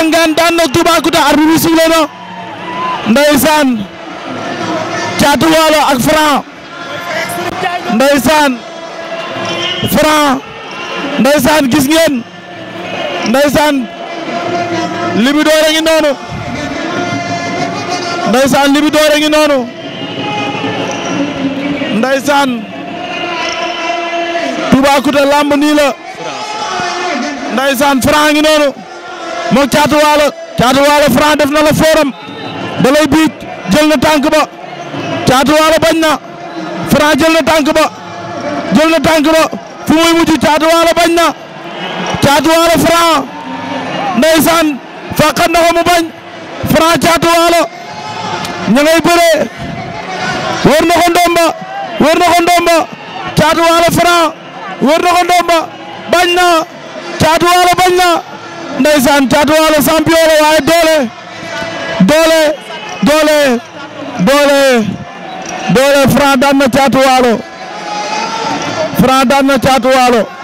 Ndangaan daan na Toubacouta arbitre bi sifflé na ndeysaan Caatu Waalo ak Franc ndeysaan ngi noonu ndeysaan Libidoor a ngi noonu ndeysaan Toubacouta lamb nii la ndeysaan Franc a ngi noonu moog Caatu Waalo Caatu Waalo def na la forum da biit jël na tànk ba Caatu bañ na Franc jël na tànk ba jël na tànk ba fu muy mujj Caatu bañ na Caatu Waalo Franc ndeysaan fàqan na ko mu bañ Franc Caatu Waalo ña wër na ko ndomba wër na ko ndomba Caatu Waalo wër na ko ndomba bañ na Caatu bañ na ndeysaan Caatu Waalo champion la waaye doole doole doole doole doole Franc daan na Waalo Franc daan na Waalo